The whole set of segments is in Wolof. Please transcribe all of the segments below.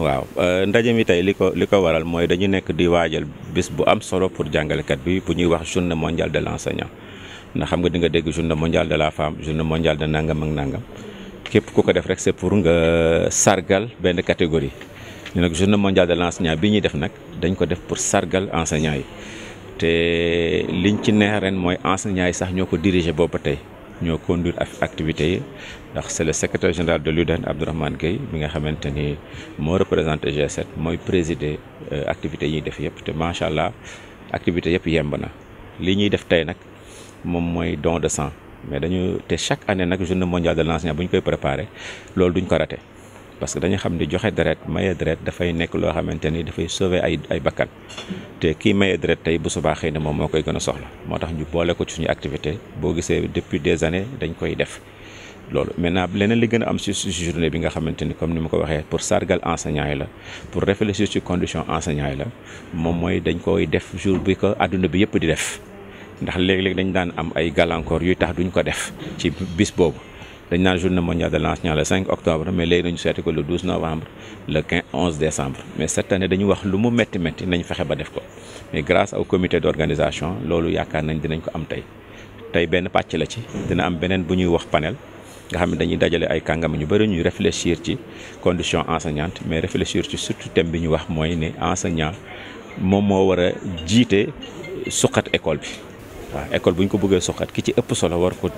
waaw euh, ndaje mi tey li ko li ko waral mooy dañu nekk di waajal bis bu am solo pour jàngalekat bi bu ñuy wax journée mondiale de l'enseignant ndax xam nga di nga dégg journée mondiale de la femme journée mondiale de nangam ak nangam képp ku ko def rek c'est pour nga sargal benn catégorie ñu nag journée mondiale de l'enseignant bi ñuy def nag dañ ko def pour sargal enseignant yi te liñ ci neex ren mooy enseignant yi sax ñoo ko diriger boobu tey ñoo conduire ak activité yi ndax c'est le secrétaire général de l'UDEN Abdourahmane Gueye mi nga xamante ni moo représenté G7 mooy présider euh, activité yi def yëpp te macha allah activités yëpp yemb na li ñuy def tey nag moom mooy don de sang mais dañu te chaque année nag journée mondiale de l'enseignant bu ñu koy préparer loolu duñ ko raté parce que dañu xam ne joxe deret maye deret dafay nekk loo xamante ni dafay sauver ay ay bakkan te kii maye deret tey bu subaa xëy na moom moo koy gën soxla moo tax ñu boole ko ci suñu activité boo gisee depuis des années dañ koy def. loolu maintenant leneen li gën am si si journée bi nga xamante ni comme ni ma ko waxee pour sargal enseignants yi la pour réfléchir ci condition enseignants yi la moom mooy dañ koy def jour bi ko àdduna bi yëpp di def ndax léeg dañ daan am ay gàllankoor yuy tax duñ ko def ci boobu. dañ naan journée mondiale de l'enseignant le 5 octobre mais léegi nañu seeti ko le 12 novembre le 15 11 décembre mais cette année dañu wax lu mu metti métti nañ fexe ba def ko mais grâce au comité d'organisation loolu yakar nañ dinañ ko am tay tay benn patch la ci dina am benen bu ñuy wax panel nga xam dañuy dajalé ay kangam ñu bari ñuy réfléchir ci condition enseignante mais réfléchir ci surtout thème bi ñu wax moy ne enseignant mom mo wara jité suqat école bi école buñ ko bëggé soxat ki ci ëpp solo war ko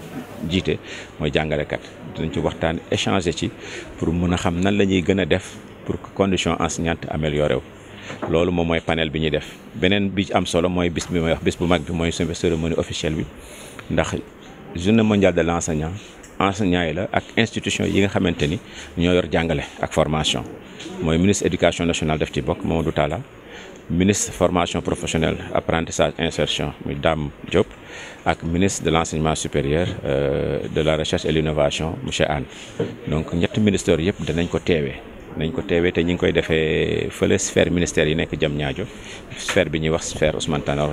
jiite mooy jàngalekat dañ ci waxtaan échanger ci pour mëna xam nan lañuy gëna def pour que condition enseignante améliorer wu loolu moom mooy panel bi ñuy def beneen bi am solo mooy bis bi may wax bis bu mag bi mooy sunu cérémonie officielle bi ndax journée mondiale de l' enseignant enseignants yi la ak institution yi nga xamante ni ñoo yor jàngale ak formation mooy ministre éducation nationale def ci bokk Mamadou Talla ministre formation professionnelle apprentissage insertion Mme Diop et ministre de l'Enseignement supérieur euh, de la recherche et de l'Innovation, monsieur Anne donc nous ministères tous les ministères qui sont ko teewee te ñu ngi koy sphère ministérielle, la sphère bi sphère Ousmane Tanor